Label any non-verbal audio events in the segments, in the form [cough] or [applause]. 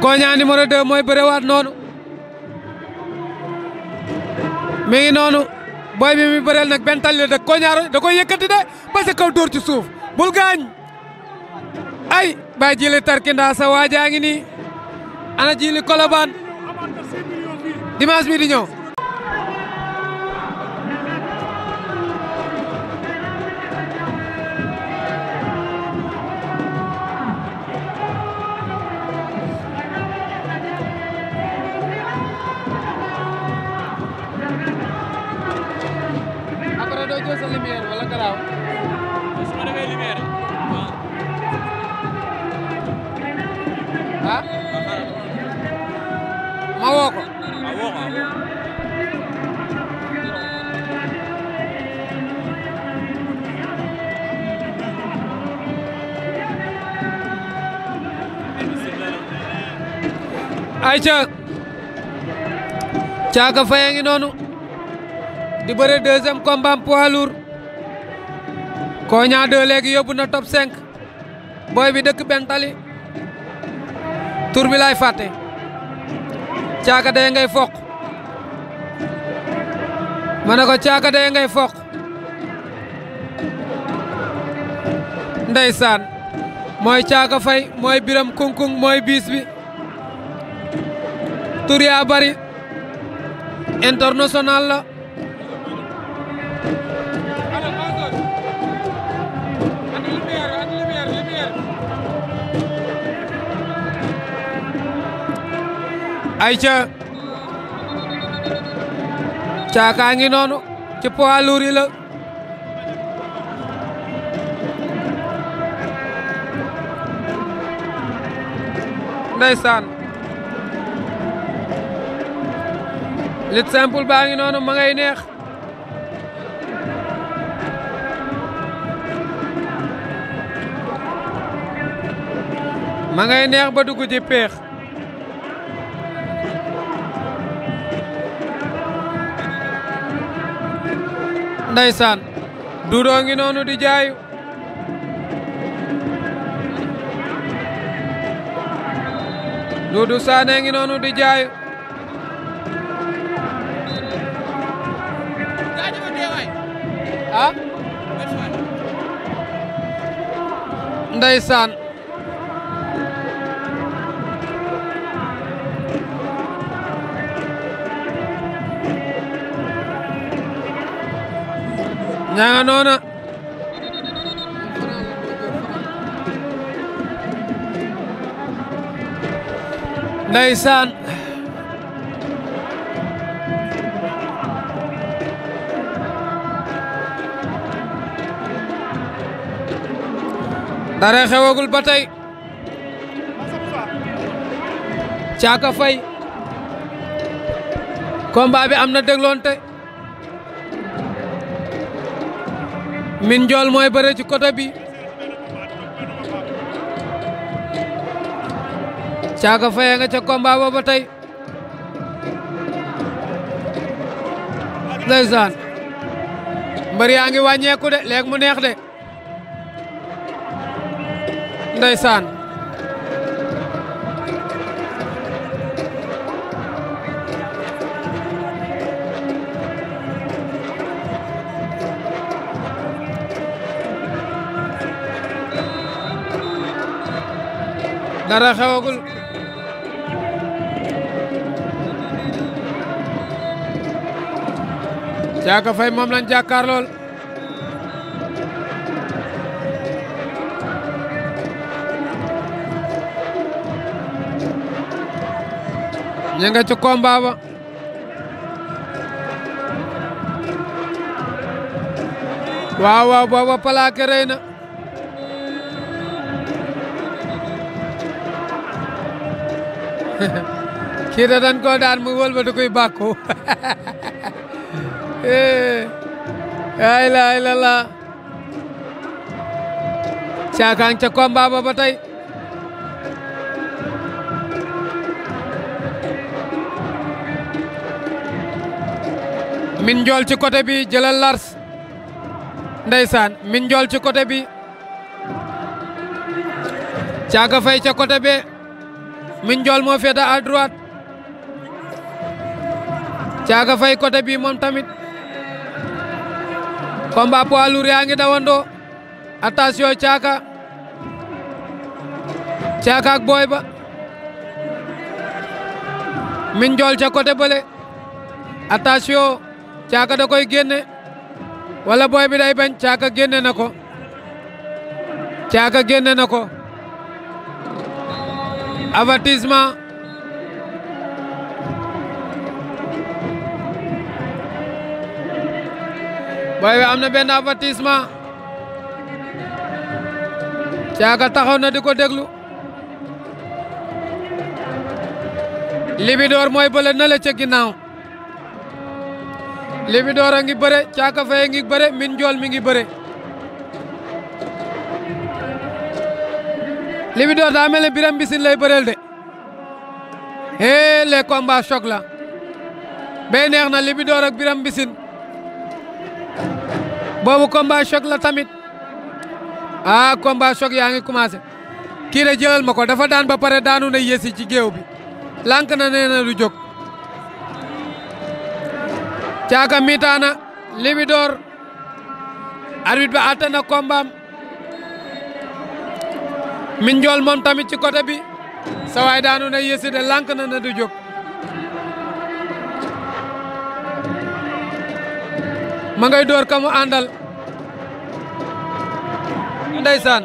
Koña numéro 2 mooy bërewaat noonu mi noonu booy bi mi bëreel nag benn tali la dëkk de parce que kaw dóor ci suuf bul gaañ ay bàyyi jili tarkinda sa waajaa ngi nii ana jili kolobaan dimanche bi di ñëw ayca Thiaka Faye ngi noonu di bëre deuxième combat poids lourd Kogna 2 léegi yóbbu na top 5 booy bi dëkk Bentali tur bi laay fàtte Thiaka day ngay foq ma ne ko Thiaka day ngay foq ndeysaan mooy Thiaka Faye mooy biram kunkung mooy biis bi tur bari international la ca caakaa ngi noonu ci poids lourd la ndeysaan lit baa ngi noonu ma ngay neex ma ngay neex ba dugg ci peex ndeysaan dudoo ngi noonu di jaayu dudu saane ngi noonu di ndeysaan ñaa nga noona ndeysaan dara xewagul ba tey Caaka Faye combat bi am na dégloonte min njool mooy bëre ci côté bi Caaka Faye nga ca combat ba ba mbër yaa ngi wàññeeku de léegi mu neex de ndeysaan dara xewagul Caaka Faye moom lañ jàkkaar ña nga ca combat waaw waaw booba plaqué rey na [laughs] kii da koo daan mu wëlbati kuy bàkku [laughs] eh. ay la la la caakaan ca combat ba min njool ci côté bi jëlal lars ndeysaan min njool ci côté bi caaga fay ca côté be min njool moo féete à droite caaga fay côté bi moom tamit combat poids lourd yaa ngi dawandoo attention caaka caaka ak booy ba min njool ca côté bële attention caaka da koy génne wala booy bi day bañ caaka génne na ko caaka génne na ko avertissement booy bi am na benn avertissement caaka taxaw na di ko déglu libidoor mooy bële na la ca ginnaaw Libidor a ngi bëre Caaka Faye ngi bëre Min jool mi ngi bëre Libidor daa mel ne Biram Bisin lay bëreel de hee eh, les combats choc la bee neex na Libidor ak Biram Bisin boobu combat choc la tamit ah combat choc yaa ngi commencé kii de jëlal ma ko dafa daan ba pare daanu na yéesi ci géew bi lànk na nee na du jóg caaka mitaana libidoor arbitre ba àtte na kombaam min moom tamit ci côté bi sa waay daanu na yési de lànk na na du jóg ma ngay door ka mu àndal ndeysaan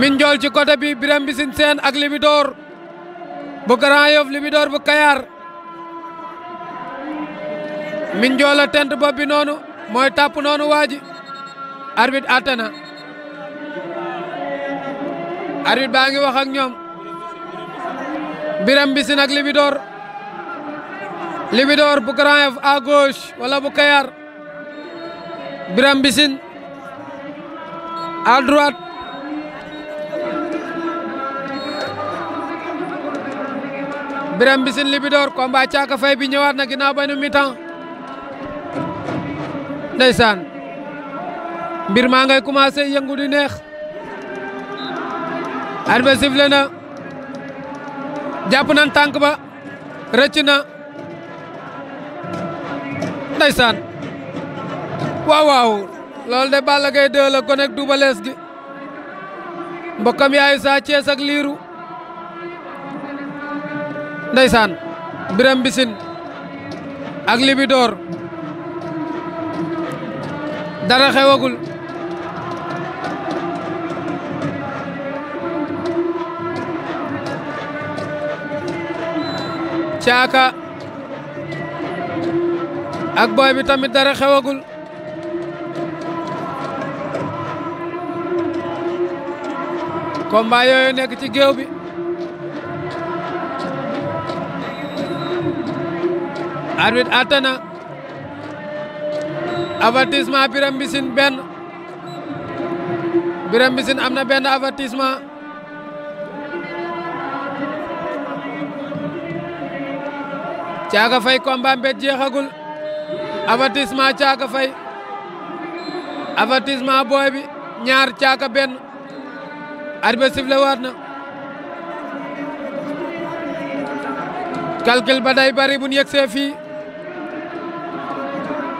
min jool ci côté bi biram bisin seen ak libidoor bu Grand Yoff libidoor bu Kayar min joola tent bopp bi noonu mooy tàpp noonu waa ji arbitre atte baa ngi wax ak ñoom biram bi libidoor libidoor bu Grand Yoff à gauche wala bu Kayar biram bisin à biram bisin libidoor combat caaka fay bi ñëwaat na ginnaaw ba mi-temps ndeysaan mbir maa ngay commencé yëngu di neex arbe sifle na jàpp tànk ba rëcc na ndeysaan waaw waaw loolu de Balla Gaye 2 la gonek Double Less gi mbokkam yaayu Sa Thiès ak Liiru ndeysaan Biram Bisin ak Libidoor dara xewagul caaka ak booy bi tamit dara xewagul combat yooyu nekk ci géew bi arbitre attana avertissement Birame Mbissine benn Birame am na benn avertissement Thiaka Faye combat mbét jeexagul avertissement Thiaka Faye avertissement booy bi ñaar caaka benn arbitre sifflé na calcul ba day bari bu ñu yegsee fii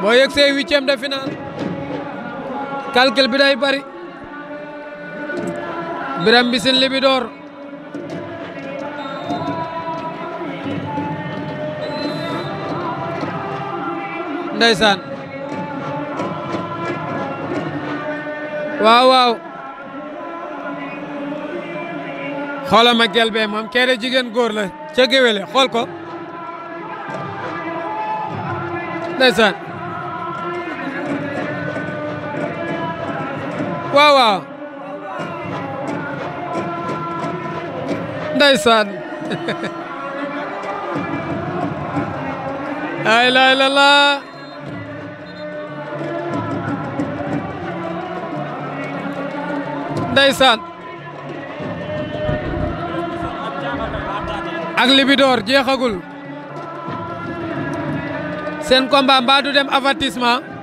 boo yegg see huitième de finale calcul bi bari Birame Mbissine Libidor ndeysaan waaw waaw xoolal ma moom kee jigéen góor la ca géwéle xool waaw waaw ndeysaan laa [laughs] ilaaha illallaah ndeysaan ak libidoor jeexagul seen combat mbaa du dem avertissement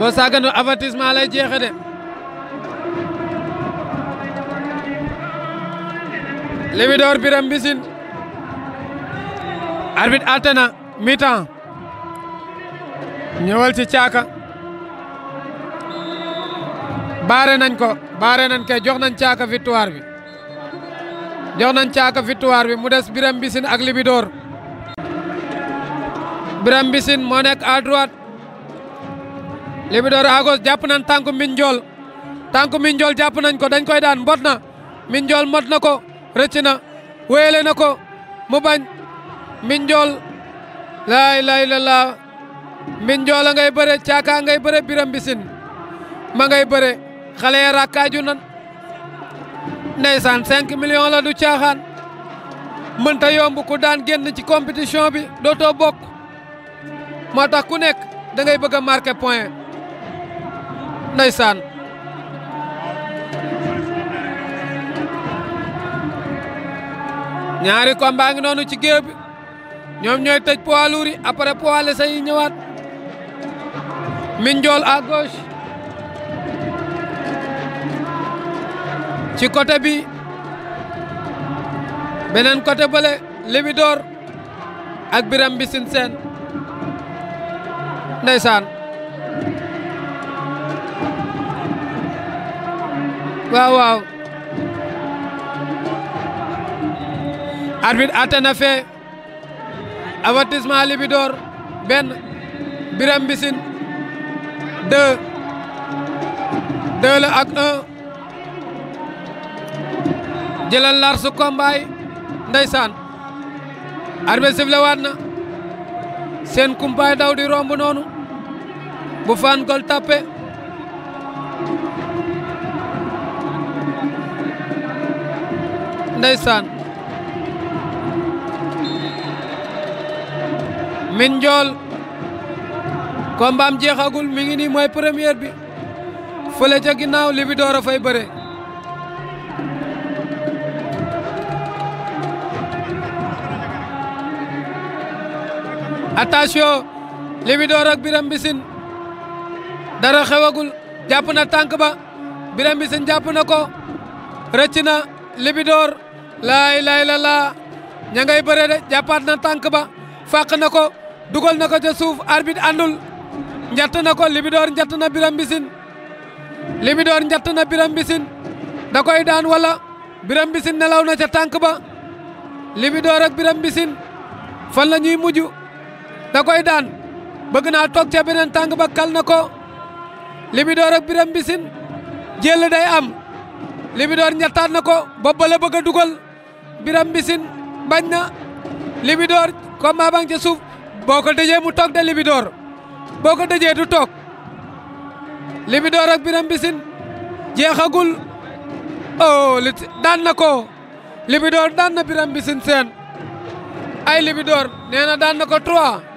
boo saaganu avertissement lay jeexe de Libidor Biram Mbissine arbitre altena mi-temps ñëwal caaka baare nañ ko baare nañ kay jox nañ caaka victoire bi nañ caaka victoire bi mu des Biram bisin ak Libidor Biram Mbissine moo nekk à Libidor agos jàpp nañ tànku Mbinjool tànku Mbinjool jàpp nañ ko dañ koy daan mbot na Mbinjool mot na ko rëcc na na ko mu bañ Mbinjool laa ilaaha illallaah Mbinjool a ngay bëre caaka ngay bëre biram bisin ma ngay bëre xale ya rakkaaju nan ndeysaan 5 millions du caaxaan mënta yomb ku daan génn ci compétition bi dootoo bokk moo tax ku nekk da ngay bëgg a ndeysaan ñaari combat ngi noonu ci géew bi ñoom ñooy tëj poids lourd yi après poids léger yi ñëwaat Mindiol à gauche ci côté bi beneen côté bële Libidor ak birambi Mbissine Sène ndeysaan waaw waaw arbitre atte na fee avertissement benn Biram Bisin deux deux la ak un jëlal larsu kombaay ndeysaan arbitre sifle waat na seen kumpaay daw di romb noonu bu fan gol tappe ndeysaan min njool kombaam jeexagul mi ngi nii mooy première bi fële ca ginnaaw li bi a fay bëre attention li bi door dara xewagul jàpp na tànk ba biram bisin jàpp na ko rëcc na li laay laay la laa ña ngay bëre de jàppaat na tànk ba fàq ko dugal na ko ca suuf arbitre àndul njatt na ko libidoor njatt na biram bisin libidoor njatt na biram bisin da koy daan wala biram bisin nelaw na ca tànk ba libidoor ak biram bisin fan la mujj da koy daan bëgg naa toog ca beneen tànk ba kal ko libidoor ak biram bisin jël day am libidoor njattaat na ko bopp ba la a biram mbisin bañ na libidoor combat bang ca suuf boo ko dëjee mu toog de libidoor boo ko dëjee du toog libidoor ak biram mbisin jeexagul oh li daan na ko libidoor daan na biram mbisin seen ay libidoor nee na daan na ko trois